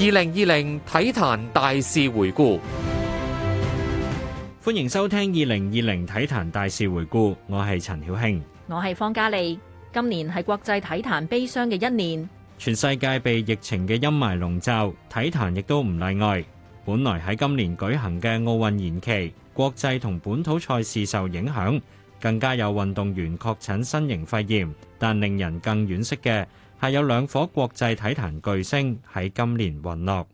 二零二零體壇大事回顧，歡迎收聽二零二零體壇大事回顧，我係陳曉慶，我係方嘉莉。今年係國際體壇悲傷嘅一年，全世界被疫情嘅陰霾籠罩，體壇亦都唔例外。本來喺今年舉行嘅奧運延期，國際同本土賽事受影響，更加有運動員確診新型肺炎，但令人更惋惜嘅。係有兩顆國際體壇巨星喺今年隕落。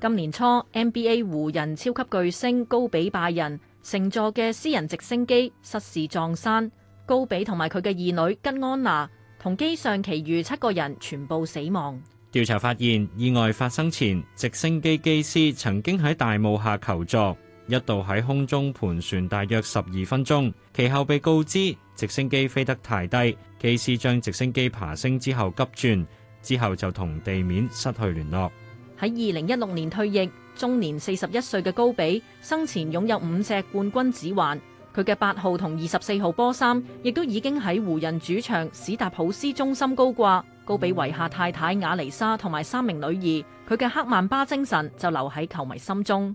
今年初，NBA 湖人超級巨星高比拜仁乘坐嘅私人直升機失事撞山，高比同埋佢嘅二女吉安娜同機上其餘七個人全部死亡。調查發現，意外發生前，直升機機師曾經喺大霧下求助。一度喺空中盤旋大約十二分鐘，其後被告知直升機飛得太低，機師將直升機爬升之後急轉，之後就同地面失去聯絡。喺二零一六年退役，終年四十一歲嘅高比生前擁有五隻冠軍指環，佢嘅八號同二十四號波衫亦都已經喺湖人主場史達普斯中心高掛。高比遺下太太瓦尼莎同埋三名女兒，佢嘅黑曼巴精神就留喺球迷心中。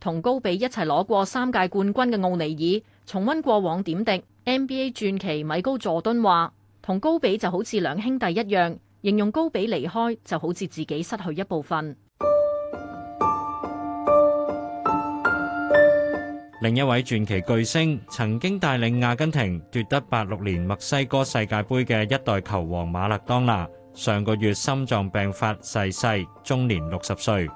同高比一齊攞過三屆冠軍嘅奧尼爾重温過往點滴。NBA 傳奇米高佐敦話，同高比就好似兩兄弟一樣，形容高比離開就好似自己失去一部分。另一位傳奇巨星曾經帶領阿根廷奪得八六年墨西哥世界杯嘅一代球王馬勒當拿，上個月心臟病發逝世，終年六十歲。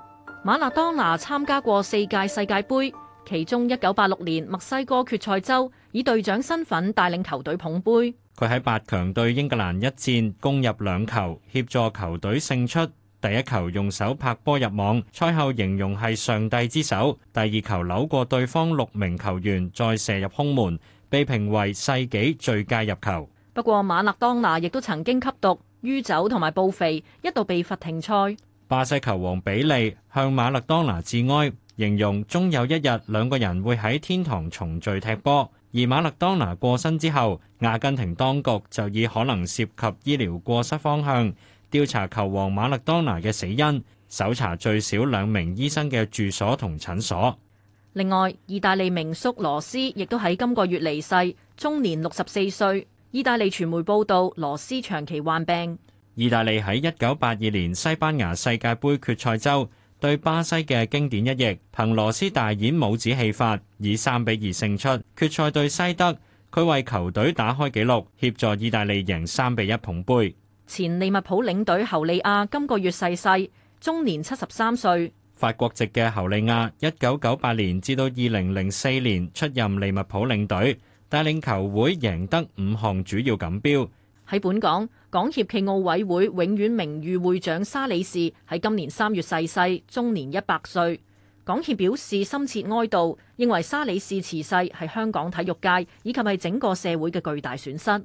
馬勒當拿參加過四屆世界盃，其中一九八六年墨西哥決賽周以隊長身份帶領球隊捧盃。佢喺八強對英格蘭一戰攻入兩球，協助球隊勝出。第一球用手拍波入網，賽後形容係上帝之手。第二球扭過對方六名球員再射入空門，被評為世紀最佳入球。不過馬勒當拿亦都曾經吸毒、酗酒同埋暴肥，一度被罰停賽。巴西球王比利向馬勒當拿致哀，形容終有一日兩個人會喺天堂重聚踢波。而馬勒當拿過身之後，阿根廷當局就以可能涉及醫療過失方向調查球王馬勒當拿嘅死因，搜查最少兩名醫生嘅住所同診所。另外，意大利名宿羅斯亦都喺今個月離世，終年六十四歲。意大利傳媒報道，羅斯長期患病。意大利喺一九八二年西班牙世界杯決賽周對巴西嘅經典一役，憑羅斯大演帽子戲法，以三比二勝出決賽對西德，佢為球隊打開紀錄，協助意大利贏三比一捧杯。前利物浦領隊侯利亞今個月逝世，終年七十三歲。法國籍嘅侯利亞，一九九八年至到二零零四年出任利物浦領隊，帶領球會贏得五項主要錦標。喺本港，港協暨奧委會永遠名譽會長沙理士喺今年三月逝世，終年一百歲。港協表示深切哀悼，認為沙理士辭世係香港體育界以及係整個社會嘅巨大損失。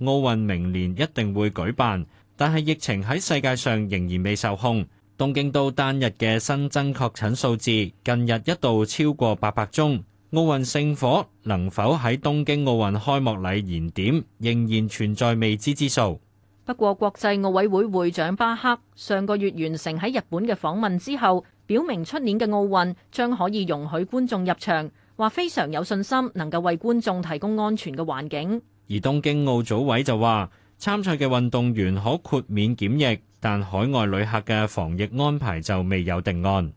奧運明年一定會舉辦，但係疫情喺世界上仍然未受控。東京都單日嘅新增確診數字近日一度超過八百宗。奧運聖火能否喺東京奧運開幕禮燃點，仍然存在未知之數。不過國際奧委會會長巴克上個月完成喺日本嘅訪問之後，表明出年嘅奧運將可以容許觀眾入場，話非常有信心能夠為觀眾提供安全嘅環境。而東京奧組委就話，參賽嘅運動員可豁免檢疫，但海外旅客嘅防疫安排就未有定案。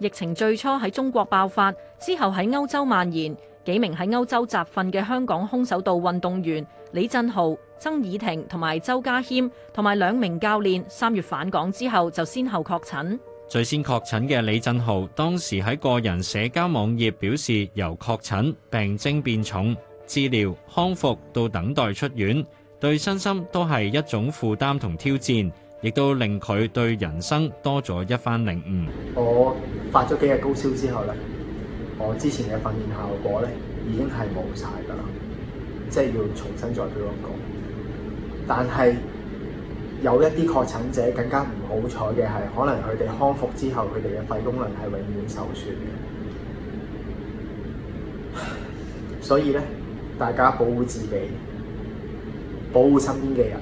疫情最初喺中國爆發之後，喺歐洲蔓延，幾名喺歐洲集訓嘅香港空手道運動員李振豪、曾以婷同埋周家謙同埋兩名教練，三月返港之後就先後確診。最先確診嘅李振豪當時喺個人社交網頁表示，由確診病徵變重、治療康復到等待出院，對身心都係一種負擔同挑戰，亦都令佢對人生多咗一番領悟。我發咗幾日高燒之後咧，我之前嘅訓練效果咧已經係冇晒噶啦，即係要重新再做一個。但係有一啲確診者更加唔好彩嘅係，可能佢哋康復之後，佢哋嘅肺功能係永遠受損。 所以呢，大家保護自己，保護身邊嘅人，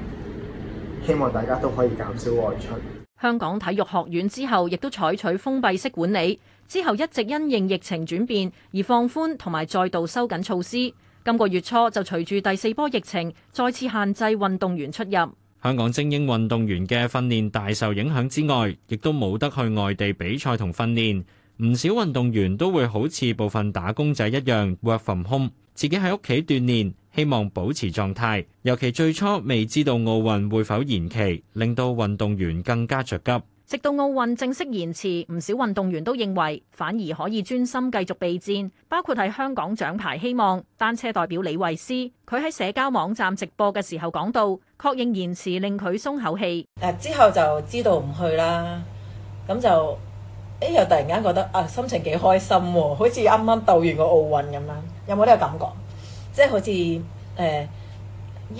希望大家都可以減少外出。香港體育學院之後亦都採取封閉式管理，之後一直因應疫情轉變而放寬同埋再度收緊措施。今個月初就隨住第四波疫情再次限制運動員出入。香港精英運動員嘅訓練大受影響之外，亦都冇得去外地比賽同訓練，唔少運動員都會好似部分打工仔一樣 work from home，自己喺屋企鍛煉，希望保持狀態，尤其最初未知道奧運會否延期，令到運動員更加着急。直到奧運正式延遲，唔少運動員都認為反而可以專心繼續備戰，包括係香港獎牌希望單車代表李慧詩，佢喺社交網站直播嘅時候講到，確認延遲令佢鬆口氣。之後就知道唔去啦，咁就誒、欸、又突然間覺得啊，心情幾開心喎、啊，好似啱啱鬥完個奧運咁樣，有冇呢個感覺？即係好似誒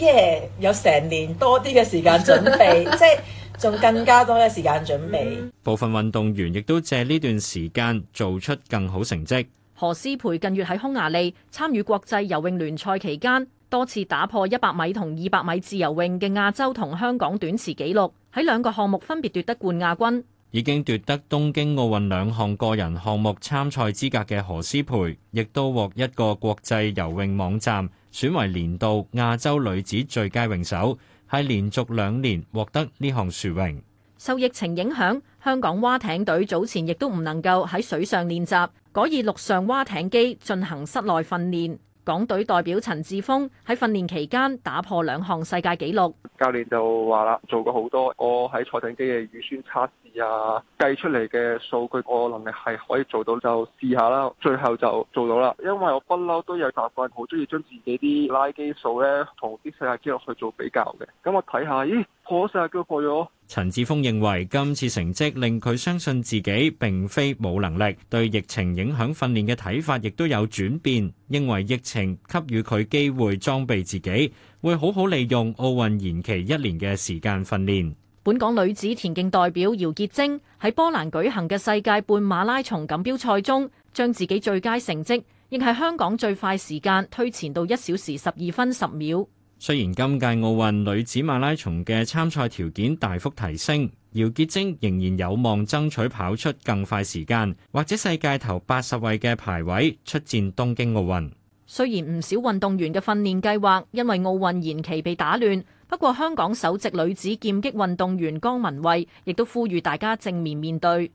耶有成年多啲嘅時間準備， 即係。仲更加多嘅時間準備，嗯、部分運動員亦都借呢段時間做出更好成績。何詩蓓近月喺匈牙利參與國際游泳聯賽期間，多次打破一百米同二百米自由泳嘅亞洲同香港短池紀錄，喺兩個項目分別奪得冠亞軍。已經奪得東京奧運兩項個人項目參賽資格嘅何詩蓓亦都獲一個國際游泳網站選為年度亞洲女子最佳泳手。係連續兩年獲得呢項殊榮。受疫情影響，香港蛙艇隊早前亦都唔能夠喺水上練習，改以陸上蛙艇機進行室內訓練。港隊代表陳志峰喺訓練期間打破兩項世界紀錄，教練就話啦：做過好多，我喺賽艇機嘅乳酸測試啊，計出嚟嘅數據，我能力係可以做到就試下啦。最後就做到啦，因為我不嬲都有習慣，好中意將自己啲拉肌數咧同啲世界紀錄去做比較嘅。咁我睇下，咦，破咗世界紀錄，破咗。陳志峰認為今次成績令佢相信自己並非冇能力，對疫情影響訓練嘅睇法亦都有轉變，認為疫情給予佢機會裝備自己，會好好利用奧運延期一年嘅時間訓練。本港女子田徑代表姚潔貞喺波蘭舉行嘅世界半馬拉松錦標賽中，將自己最佳成績亦係香港最快時間推前到一小時十二分十秒。雖然今屆奧運女子馬拉松嘅參賽條件大幅提升，姚潔晶仍然有望爭取跑出更快時間，或者世界頭八十位嘅排位出戰東京奧運。雖然唔少運動員嘅訓練計劃因為奧運延期被打亂，不過香港首席女子劍擊運動員江文慧亦都呼籲大家正面面對。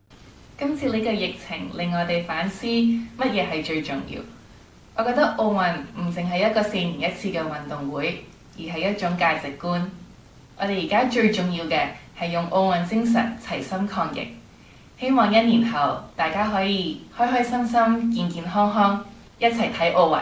今次呢個疫情令我哋反思乜嘢係最重要。我覺得奧運唔淨係一個四年一次嘅運動會，而係一種價值觀。我哋而家最重要嘅係用奧運精神齊心抗疫。希望一年後大家可以開開心心、健健康康，一齊睇奧運。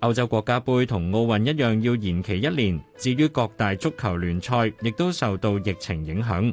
歐洲國家杯同奧運一樣要延期一年，至於各大足球聯賽亦都受到疫情影響。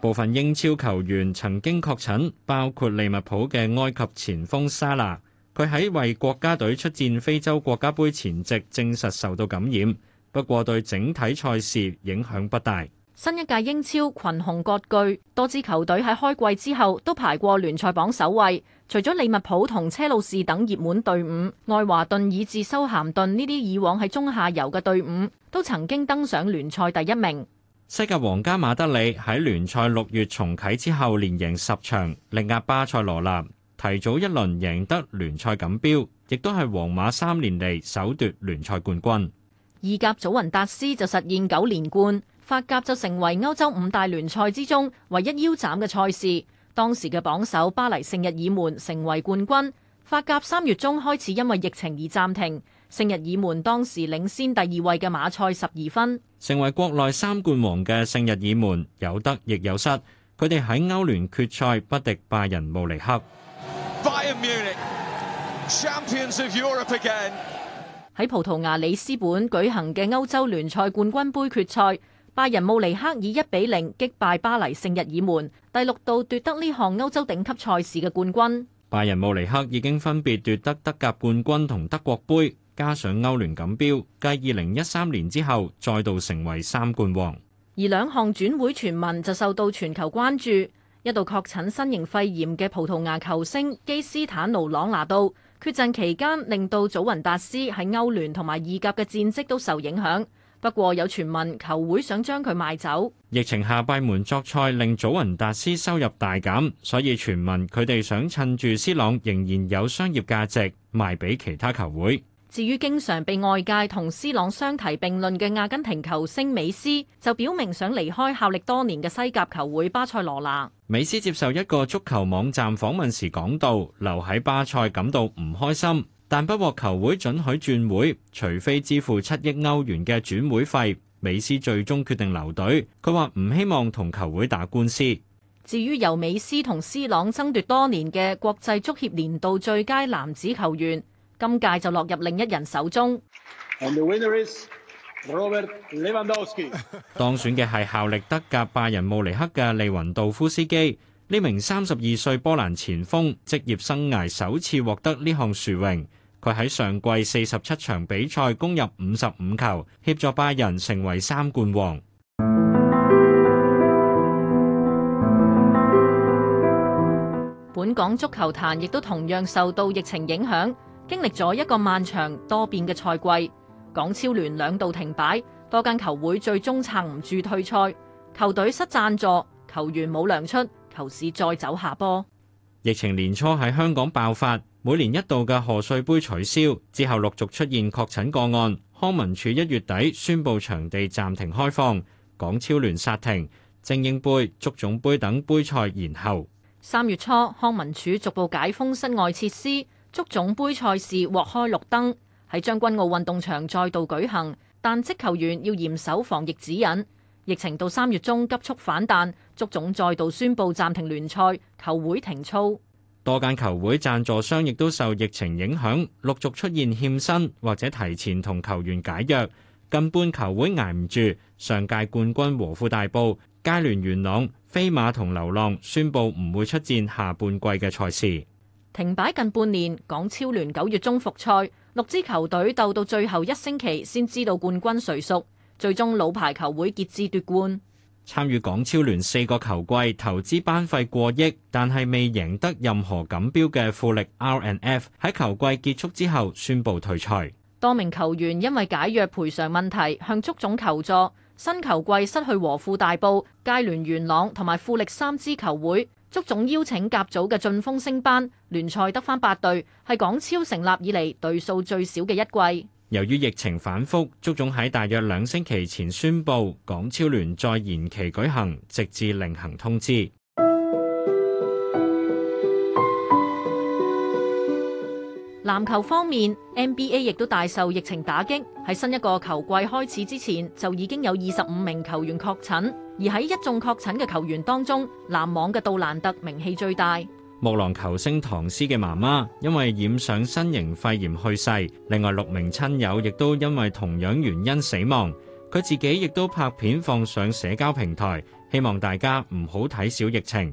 部分英超球員曾經確診，包括利物浦嘅埃及前鋒沙拿，佢喺為國家隊出戰非洲國家杯前夕證實受到感染，不過對整體賽事影響不大。新一屆英超群雄割據，多支球隊喺開季之後都排過聯賽榜首位。除咗利物浦同車路士等熱門隊伍，愛華頓以至修咸頓呢啲以往喺中下游嘅隊伍，都曾經登上聯賽第一名。西甲皇家馬德里喺聯賽六月重啟之後連贏十場，力壓巴塞羅那提早一輪贏得聯賽錦標，亦都係皇馬三年嚟，首奪聯賽冠軍。意甲祖雲達斯就實現九連冠。法甲就成為歐洲五大聯賽之中唯一腰斬嘅賽事。當時嘅榜首巴黎聖日耳門成為冠軍。法甲三月中開始因為疫情而暫停。聖日耳門當時領先第二位嘅馬賽十二分，成為國內三冠王嘅聖日耳門有得亦有失。佢哋喺歐聯決賽不敵拜仁慕尼黑。喺葡萄牙里斯本舉行嘅歐洲聯賽冠軍盃決賽，拜仁慕尼黑以一比零擊敗巴黎聖日耳門，第六度奪得呢項歐洲頂級賽事嘅冠軍。拜仁慕尼黑已經分別奪得德甲冠軍同德國盃。加上歐聯錦標，繼二零一三年之後，再度成為三冠王。而兩項轉會傳聞就受到全球關注。一度確診新型肺炎嘅葡萄牙球星基斯坦奴·朗拿度缺陣期間，令到祖雲達斯喺歐聯同埋意甲嘅戰績都受影響。不過有傳聞球會想將佢賣走。疫情下閉門作賽，令祖雲達斯收入大減，所以傳聞佢哋想趁住斯朗仍然有商業價值，賣俾其他球會。至於經常被外界同斯朗相提並論嘅阿根廷球星美斯，就表明想離開效力多年嘅西甲球會巴塞羅那。美斯接受一個足球網站訪問時講到，留喺巴塞感到唔開心，但不獲球會准許轉會，除非支付七億歐元嘅轉會費。美斯最終決定留隊，佢話唔希望同球會打官司。至於由美斯同斯朗爭奪多年嘅國際足協年度最佳男子球員。今屆就落入另一人手中。當選嘅係效力德甲拜仁慕尼黑嘅利雲道夫斯基，呢名三十二歲波蘭前鋒，職業生涯首次獲得呢項殊榮。佢喺上季四十七場比賽攻入五十五球，協助拜仁成為三冠王。本港足球壇亦都同樣受到疫情影響。經歷咗一個漫長多變嘅賽季，港超聯兩度停擺，多間球會最終撐唔住退賽，球隊失贊助，球員冇糧出，球市再走下坡。疫情年初喺香港爆發，每年一度嘅賀歲杯取消，之後陸續出現確診個案，康文署一月底宣布場地暫停開放，港超聯煞停，精英杯、足總杯等杯賽延後。三月初，康文署逐步解封室外設施。足總杯賽事獲開綠燈，喺將軍澳運動場再度舉行，但職球員要嚴守防疫指引。疫情到三月中急速反彈，足總再度宣布暫停聯賽，球會停操。多間球會贊助商亦都受疫情影響，陸續出現欠薪或者提前同球員解約。近半球會捱唔住，上屆冠軍和富大埔、佳聯元朗、飛馬同流浪宣布唔會出戰下半季嘅賽事。停擺近半年，港超聯九月中復賽，六支球隊鬥到最後一星期先知道冠軍誰屬，最終老牌球會傑志奪冠。參與港超聯四個球季，投資班費過億，但係未贏得任何錦標嘅富力 R＆F n 喺球季結束之後宣布退賽。多名球員因為解約賠償問題向足總求助，新球季失去和富大埔、佳聯元朗同埋富力三支球會。足總邀請甲組嘅晉峰升班，聯賽得返八隊，係港超成立以嚟隊數最少嘅一季。由於疫情反復，足總喺大約兩星期前宣布港超聯再延期舉行，直至另行通知。籃球方面，NBA 亦都大受疫情打擊，喺新一個球季開始之前就已經有二十五名球員確診。而喺一眾確診嘅球員當中，籃網嘅杜蘭特名氣最大。木狼球星唐斯嘅媽媽因為染上新型肺炎去世，另外六名親友亦都因為同樣原因死亡。佢自己亦都拍片放上社交平台，希望大家唔好睇小疫情。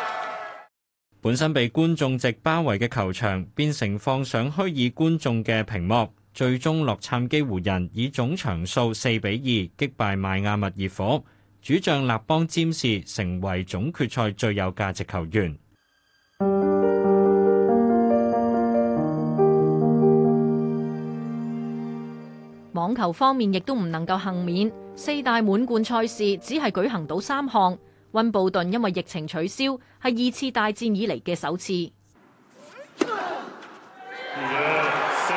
本身被觀眾席包圍嘅球場變成放上虛擬觀眾嘅屏幕，最終洛杉磯湖人以總場數四比二擊敗邁亞密熱火，主將立邦詹士成為總決賽最有價值球員。網球方面亦都唔能夠幸免，四大滿貫賽事只係舉行到三項。溫布頓因為疫情取消，係二次大戰以嚟嘅首次。Yeah, so、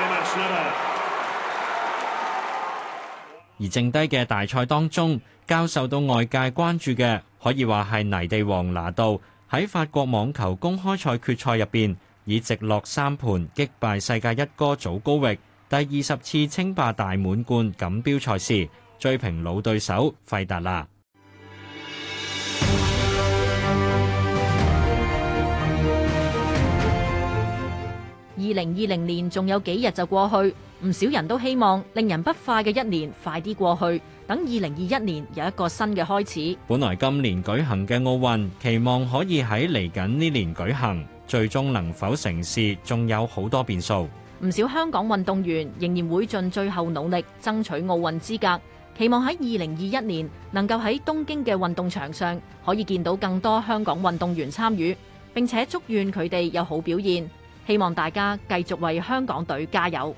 而剩低嘅大賽當中，較受到外界關注嘅，可以話係泥地王拿度喺法國網球公開賽決賽入邊，以直落三盤擊敗世界一哥祖高域，第二十次稱霸大滿貫錦標賽事，追平老對手費達拿。二零二零年仲有幾日就過去，唔少人都希望令人不快嘅一年快啲過去，等二零二一年有一個新嘅開始。本來今年舉行嘅奧運，期望可以喺嚟緊呢年舉行，最終能否成事，仲有好多變數。唔少香港運動員仍然會盡最後努力爭取奧運資格，期望喺二零二一年能夠喺東京嘅運動場上可以見到更多香港運動員參與，並且祝願佢哋有好表現。希望大家繼續為香港隊加油。